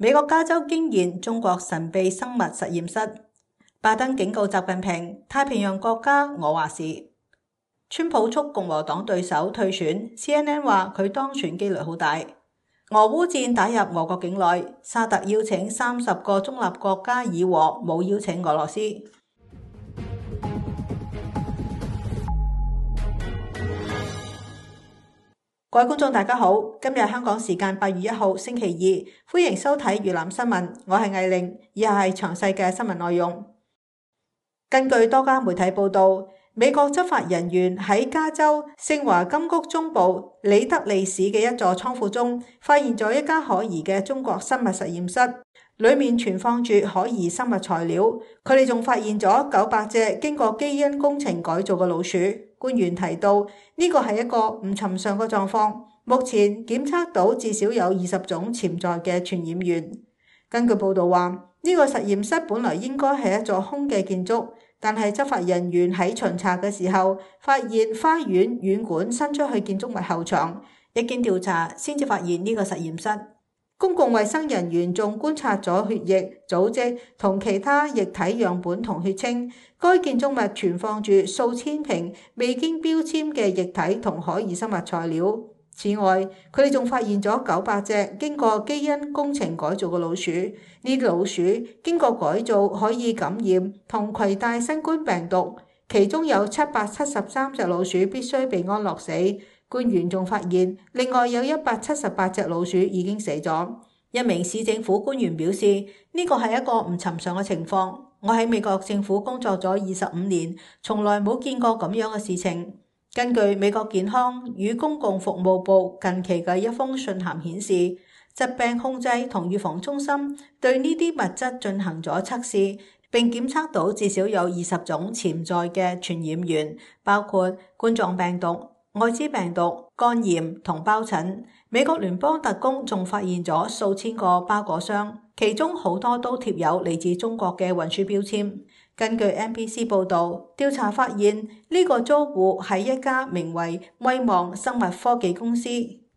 美國加州驚現中國神秘生物實驗室，拜登警告習近平，太平洋國家我話事，川普促共和黨對手退選，CNN 話佢當選機率好大，俄烏戰打入俄國境內，沙特邀請三十個中立國家議和，冇邀請俄羅斯。各位觀眾大家好，今日香港時間八月一號星期二，歡迎收睇《粵林新聞粵覽新聞》，我係艾凌，以下係詳細嘅新聞內容。根據多家媒體報道，美國執法人員喺加州聖華金谷中部里德利市嘅一座倉庫中，發現咗一間可疑嘅中國生物實驗室。裏面存放住可疑生物材料，佢哋仲發現咗九百隻經過基因工程改造嘅老鼠。官員提到呢個係一個唔尋常嘅狀況。目前檢測到至少有二十種潛在嘅傳染源。根據報道話，呢個實驗室本來應該係一座空嘅建築，但係執法人員喺巡查嘅時候，發現花園軟管伸出去建築物後牆，一經調查先至發現呢個實驗室。公共衛生人員仲觀察咗血液、組織同其他液體樣本同血清。該建築物存放住數千瓶未經標籤嘅液體同可疑生物材料。此外，佢哋仲發現咗九百隻經過基因工程改造嘅老鼠。呢啲老鼠經過改造可以感染同攜帶新冠病毒，其中有七百七十三隻老鼠必須被安樂死。官員仲發現，另外有一百七十八隻老鼠已經死咗。一名市政府官員表示，呢個係一個唔尋常嘅情況。我喺美國政府工作咗二十五年，從來冇見過咁樣嘅事情。根據美國健康與公共服務部近期嘅一封信函顯示，疾病控制同預防中心對呢啲物質進行咗測試，並檢測到至少有二十種潛在嘅傳染源，包括冠狀病毒。艾滋病毒、肝炎同包疹。美國聯邦特工仲發現咗數千個包裹箱，其中好多都貼有嚟自中國嘅運輸標籤。根據 NBC 報道，調查發現呢個租戶係一家名為威望生物科技公司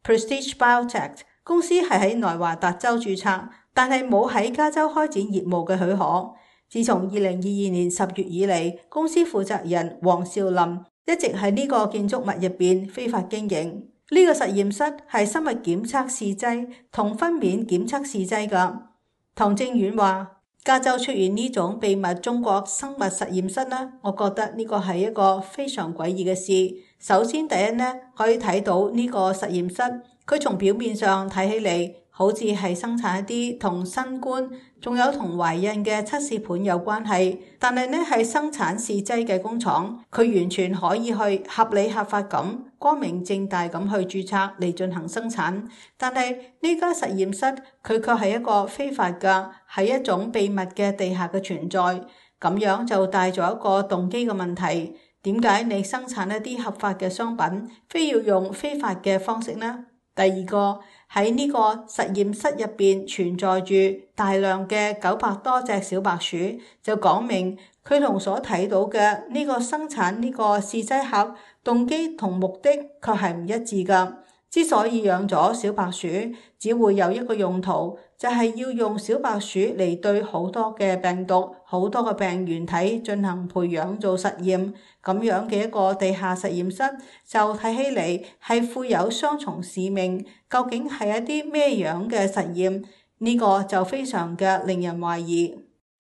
（Prestige Biotech） 公司，係喺內華達州註冊，但係冇喺加州開展業務嘅許可。自從二零二二年十月以嚟，公司負責人黃少林一直喺呢個建築物入邊非法經營。呢個實驗室係生物檢測試劑同分娩檢測試劑噶。唐正遠話：加州出現呢種秘密中國生物實驗室呢，我覺得呢個係一個非常詭異嘅事。首先第一呢，可以睇到呢個實驗室，佢從表面上睇起嚟。好似係生產一啲同新冠，仲有同懷孕嘅測試盤有關係，但係呢係生產試劑嘅工廠，佢完全可以去合理合法咁光明正大咁去註冊嚟進行生產。但係呢間實驗室佢卻係一個非法嘅，係一種秘密嘅地下嘅存在。咁樣就帶咗一個動機嘅問題：點解你生產一啲合法嘅商品，非要用非法嘅方式呢？第二個。喺呢個實驗室入邊存在住大量嘅九百多隻小白鼠，就講明佢同所睇到嘅呢個生產呢個試劑盒動機同目的確係唔一致噶。之所以養咗小白鼠，只會有一個用途，就係要用小白鼠嚟對好多嘅病毒、好多嘅病原體進行培養做實驗。咁樣嘅一個地下實驗室，就睇起嚟係富有雙重使命。究竟係一啲咩樣嘅實驗？呢個就非常嘅令人懷疑。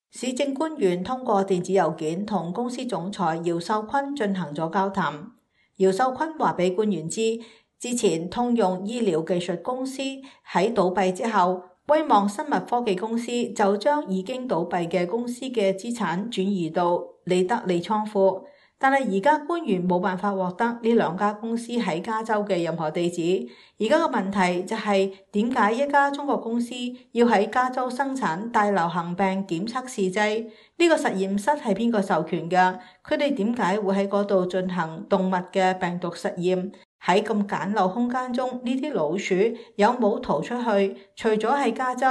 市政官員通過電子郵件同公司總裁姚秀坤進行咗交談。姚秀坤話俾官員知。之前通用醫療技術公司喺倒閉之後，威望生物科技公司就將已經倒閉嘅公司嘅資產轉移到利德利倉庫，但係而家官員冇辦法獲得呢兩家公司喺加州嘅任何地址。而家嘅問題就係點解一家中國公司要喺加州生產大流行病檢測試劑？呢個實驗室係邊個授權嘅？佢哋點解會喺嗰度進行動物嘅病毒實驗？喺咁簡陋空間中，呢啲老鼠有冇逃出去？除咗喺加州，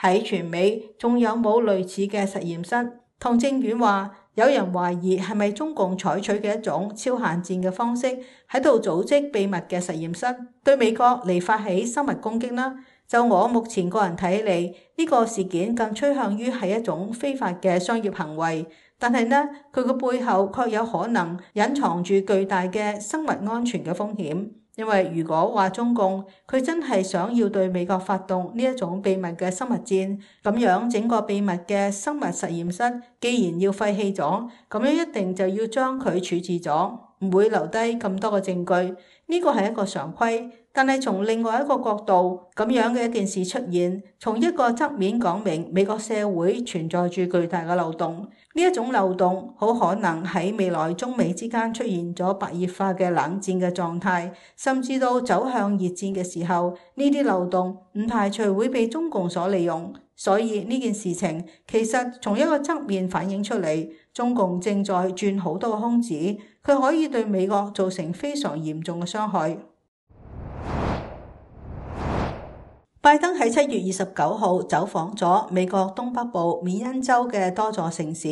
喺全美仲有冇類似嘅實驗室？唐正遠話：有人懷疑係咪中共採取嘅一種超限戰嘅方式，喺度組織秘密嘅實驗室，對美國嚟發起生物攻擊呢？就我目前個人睇嚟，呢個事件更趨向於係一種非法嘅商業行為。但係呢，佢個背後卻有可能隱藏住巨大嘅生物安全嘅風險。因為如果話中共佢真係想要對美國發動呢一種秘密嘅生物戰，咁樣整個秘密嘅生物實驗室既然要廢棄咗，咁樣一定就要將佢處置咗，唔會留低咁多嘅證據。呢個係一個常規。但係從另外一個角度，咁樣嘅一件事出現，從一個側面講明美國社會存在住巨大嘅漏洞。呢一種漏洞好可能喺未來中美之間出現咗白熱化嘅冷戰嘅狀態，甚至到走向熱戰嘅時候，呢啲漏洞唔排除會被中共所利用。所以呢件事情其實從一個側面反映出嚟，中共正在鑽好多空子，佢可以對美國造成非常嚴重嘅傷害。拜登喺七月二十九號走訪咗美國東北部緬因州嘅多座城市，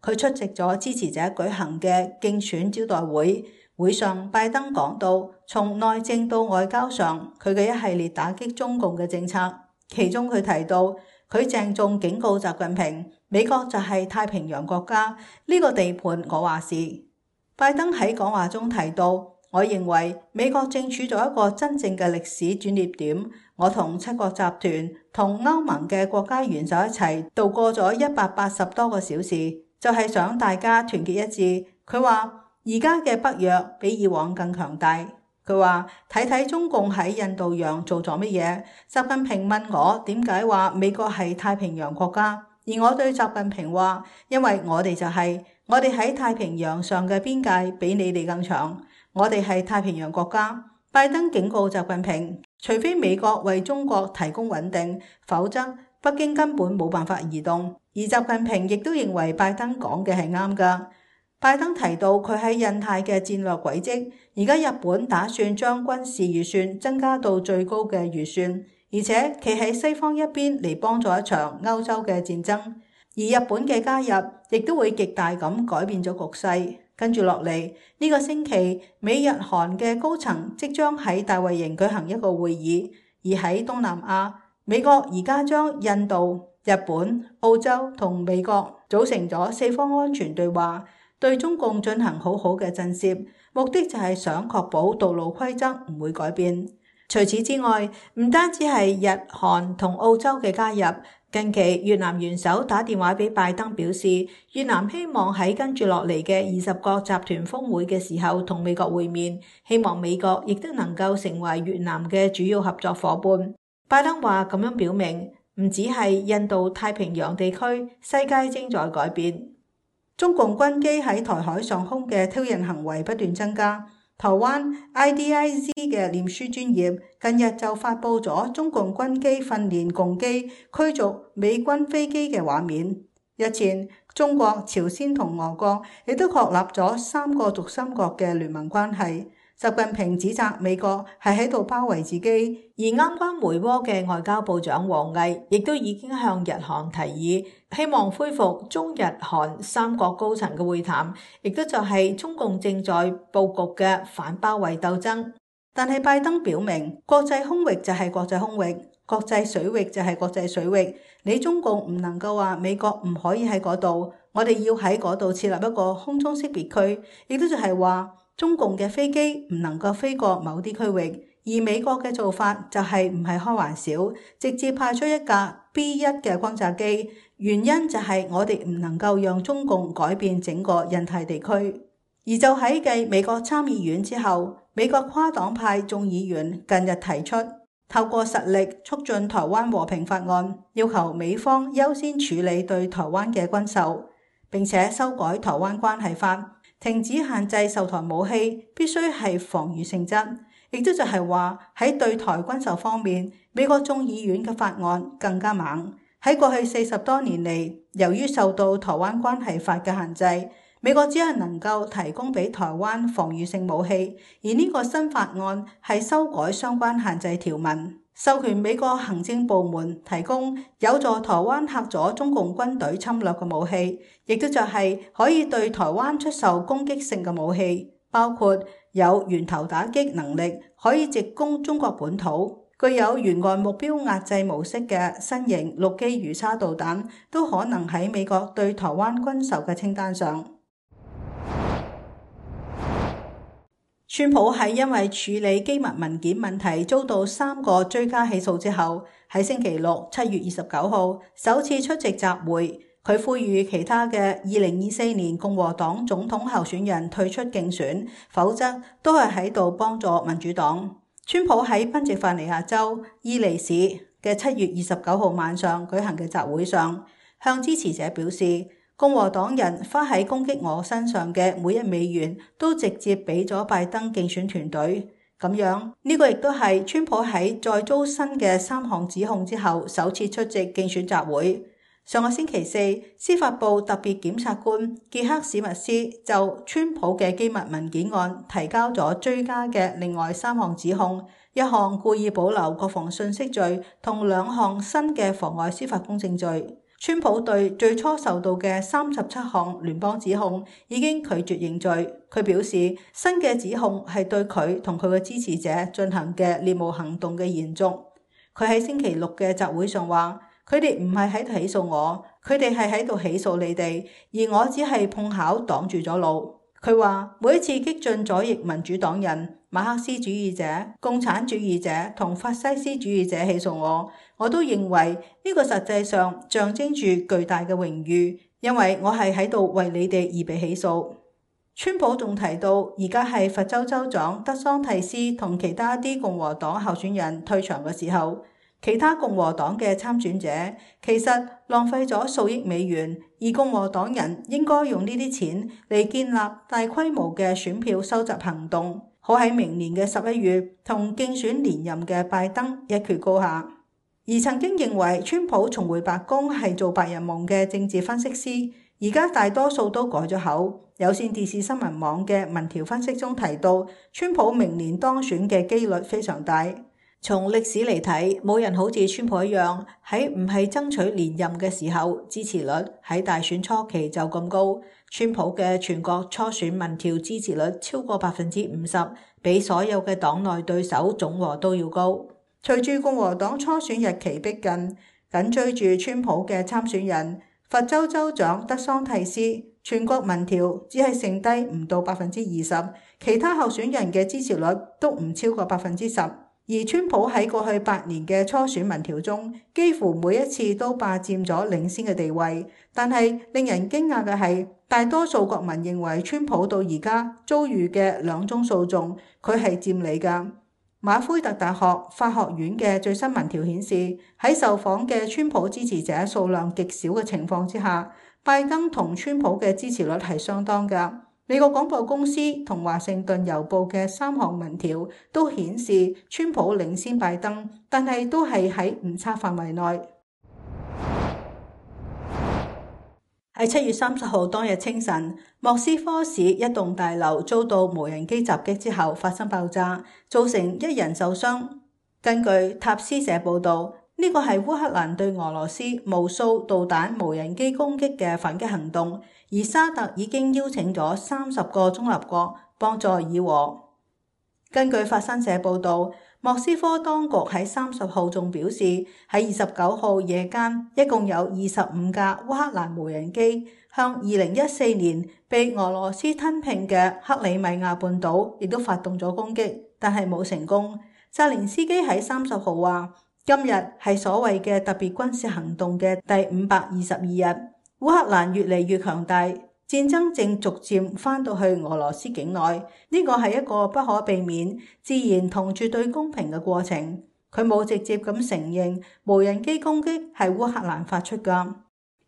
佢出席咗支持者舉行嘅競選招待會。會上，拜登講到，從內政到外交上，佢嘅一系列打擊中共嘅政策，其中佢提到，佢鄭重警告習近平：美國就係太平洋國家，呢個地盤我話事。拜登喺講話中提到。我認為美國正處咗一個真正嘅歷史轉捩點。我同七國集團同歐盟嘅國家元首一齊度過咗一百八十多個小時，就係想大家團結一致。佢話而家嘅北約比以往更強大。佢話睇睇中共喺印度洋做咗乜嘢。習近平問我點解話美國係太平洋國家，而我對習近平話，因為我哋就係我哋喺太平洋上嘅邊界比你哋更長。我哋係太平洋國家，拜登警告習近平，除非美國為中國提供穩定，否則北京根本冇辦法移動。而習近平亦都認為拜登講嘅係啱噶。拜登提到佢喺印太嘅戰略軌跡，而家日本打算將軍事預算增加到最高嘅預算，而且企喺西方一邊嚟，幫助一場歐洲嘅戰爭，而日本嘅加入亦都會極大咁改變咗局勢。跟住落嚟呢個星期，美日韓嘅高層即將喺大衛營舉行一個會議，而喺東南亞，美國而家將印度、日本、澳洲同美國組成咗四方安全對話，對中共進行好好嘅震懾，目的就係想確保道路規則唔會改變。除此之外，唔單止係日韓同澳洲嘅加入。近期越南元首打電話俾拜登，表示越南希望喺跟住落嚟嘅二十國集團峰會嘅時候同美國會面，希望美國亦都能夠成為越南嘅主要合作伙伴。拜登話咁樣表明唔止係印度太平洋地區，世界正在改變。中共軍機喺台海上空嘅挑釁行為不斷增加。台灣 IDIZ 嘅臉書專頁近日就發佈咗中共軍機訓練共機驅逐美軍飛機嘅畫面。日前，中國、朝鮮同俄國亦都確立咗三個軸心國嘅聯盟關係。習近平指責美國係喺度包圍自己，而啱啱回窩嘅外交部長王毅亦都已經向日韓提議，希望恢復中日韓三國高層嘅會談，亦都就係中共正在布局嘅反包圍鬥爭。但係拜登表明，國際空域就係國際空域，國際水域就係國際水域，你中共唔能夠話美國唔可以喺嗰度，我哋要喺嗰度設立一個空中識別區，亦都就係話。中共嘅飛機唔能夠飛過某啲區域，而美國嘅做法就係唔係開玩笑，直接派出一架 B 一嘅轟炸機。原因就係我哋唔能夠讓中共改變整個印太地區。而就喺繼美國參議院之後，美國跨黨派眾議員近日提出透過實力促進台灣和平法案，要求美方優先處理對台灣嘅軍售，並且修改台灣關係法。停止限制售台武器必，必須係防禦性質，亦都就係話，喺對台軍售方面，美國眾議院嘅法案更加猛。喺過去四十多年嚟，由於受到台灣關係法嘅限制，美國只係能夠提供俾台灣防禦性武器，而呢個新法案係修改相關限制條文。授權美國行政部門提供有助台灣吓阻中共軍隊侵略嘅武器，亦都就係可以對台灣出售攻擊性嘅武器，包括有源頭打擊能力，可以直攻中國本土、具有沿岸目標壓制模式嘅新型陸基魚叉導彈，都可能喺美國對台灣軍售嘅清單上。川普喺因為處理機密文件問題遭到三個追加起訴之後，喺星期六七月二十九號首次出席集會，佢呼籲其他嘅二零二四年共和黨總統候選人退出競選，否則都係喺度幫助民主黨。川普喺賓夕法尼亞州伊利市嘅七月二十九號晚上舉行嘅集會上，向支持者表示：共和黨人花喺攻擊我身上嘅每一美元，都直接俾咗拜登競選團隊。咁樣呢個亦都係川普喺再遭新嘅三項指控之後，首次出席競選集會。上個星期四，司法部特別檢察官傑克史密斯就川普嘅機密文件案提交咗追加嘅另外三項指控，一項故意保留國防信息罪，同兩項新嘅妨礙司法公正罪。川普對最初受到嘅三十七項聯邦指控已經拒絕認罪。佢表示，新嘅指控係對佢同佢嘅支持者進行嘅獵巫行動嘅延續。佢喺星期六嘅集會上話：佢哋唔係喺度起訴我，佢哋係喺度起訴你哋，而我只係碰巧擋住咗路。佢話每一次激進左翼民主黨人。馬克思主義者、共產主義者同法西斯主義者起訴我，我都認為呢個實際上象徵住巨大嘅榮譽，因為我係喺度為你哋而被起訴。川普仲提到，而家係佛州州長德桑蒂斯同其他啲共和黨候選人退場嘅時候，其他共和黨嘅參選者其實浪費咗數億美元，而共和黨人應該用呢啲錢嚟建立大規模嘅選票收集行動。好喺明年嘅十一月同競選連任嘅拜登一決高下。而曾經認為川普重回白宮係做白日夢嘅政治分析師，而家大多數都改咗口。有線電視新聞網嘅民調分析中提到，川普明年當選嘅幾率非常大。從歷史嚟睇，冇人好似川普一樣喺唔係爭取連任嘅時候，支持率喺大選初期就咁高。川普嘅全國初選民調支持率超過百分之五十，比所有嘅黨內對手總和都要高。隨住共和黨初選日期逼近，緊追住川普嘅參選人佛州州長德桑蒂斯，全國民調只係剩低唔到百分之二十，其他候選人嘅支持率都唔超過百分之十。而川普喺過去八年嘅初選民調中，幾乎每一次都霸佔咗領先嘅地位。但係令人驚訝嘅係，大多數國民認為川普到而家遭遇嘅兩宗訴訟，佢係佔理㗎。馬奎特大學法學院嘅最新民調顯示，喺受訪嘅川普支持者數量極少嘅情況之下，拜登同川普嘅支持率係相當嘅。美國廣播公司同華盛頓郵報嘅三項民調都顯示川普領先拜登，但係都係喺誤差範圍內。喺七月三十號當日清晨，莫斯科市一棟大樓遭到無人機襲擊之後發生爆炸，造成一人受傷。根據塔斯社報道。呢個係烏克蘭對俄羅斯無數導彈、無人機攻擊嘅反擊行動，而沙特已經邀請咗三十個中立國幫助議和。根據法新社報導，莫斯科當局喺三十號仲表示，喺二十九號夜間，一共有二十五架烏克蘭無人機向二零一四年被俄羅斯吞併嘅克里米亞半島，亦都發動咗攻擊，但係冇成功。澤連斯基喺三十號話。今日係所謂嘅特別軍事行動嘅第五百二十二日，烏克蘭越嚟越強大，戰爭正逐漸翻到去俄羅斯境內，呢個係一個不可避免、自然同絕對公平嘅過程。佢冇直接咁承認無人機攻擊係烏克蘭發出噶，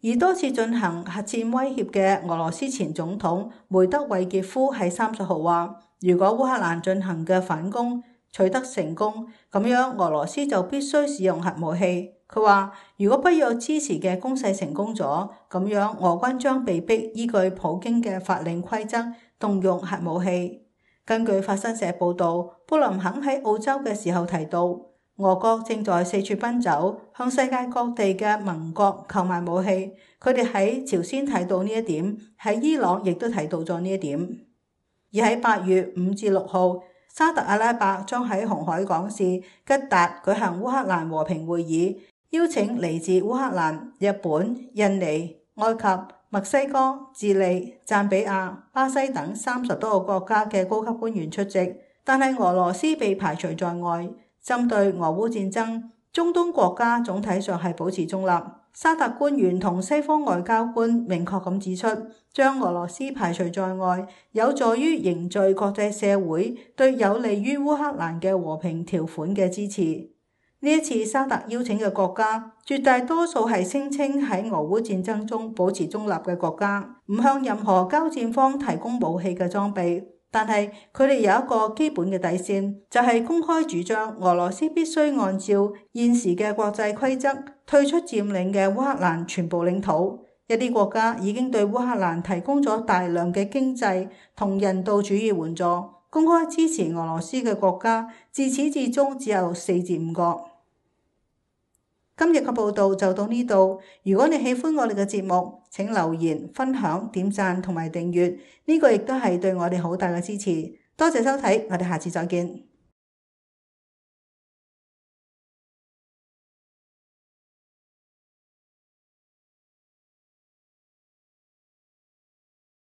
而多次進行核戰威脅嘅俄羅斯前總統梅德韋傑夫喺三十號話：「如果烏克蘭進行嘅反攻，取得成功，咁樣俄羅斯就必須使用核武器。佢話：如果北約支持嘅攻勢成功咗，咁樣俄軍將被迫依據普京嘅法令規則動用核武器。根據法新社報導，布林肯喺澳洲嘅時候提到，俄國正在四處奔走，向世界各地嘅盟國購買武器。佢哋喺朝鮮睇到呢一點，喺伊朗亦都睇到咗呢一點。而喺八月五至六號，沙特阿拉伯將喺紅海港市吉達舉行烏克蘭和平會議，邀請嚟自烏克蘭、日本、印尼、埃及、墨西哥、智利、贊比亞、巴西等三十多個國家嘅高級官員出席，但係俄羅斯被排除在外。針對俄烏戰爭，中東國家總體上係保持中立。沙特官員同西方外交官明確咁指出，將俄羅斯排除在外，有助於凝聚國際社會對有利於烏克蘭嘅和平條款嘅支持。呢一次沙特邀請嘅國家，絕大多數係聲稱喺俄烏戰爭中保持中立嘅國家，唔向任何交戰方提供武器嘅裝備。但係佢哋有一個基本嘅底線，就係公開主張俄羅斯必須按照現時嘅國際規則退出佔領嘅烏克蘭全部領土。一啲國家已經對烏克蘭提供咗大量嘅經濟同人道主義援助，公開支持俄羅斯嘅國家自始至終只有四至五個。今日嘅報道就到呢度。如果你喜歡我哋嘅節目，請留言、分享、點讚同埋訂閱，呢個亦都係對我哋好大嘅支持。多謝收睇，我哋下次再見。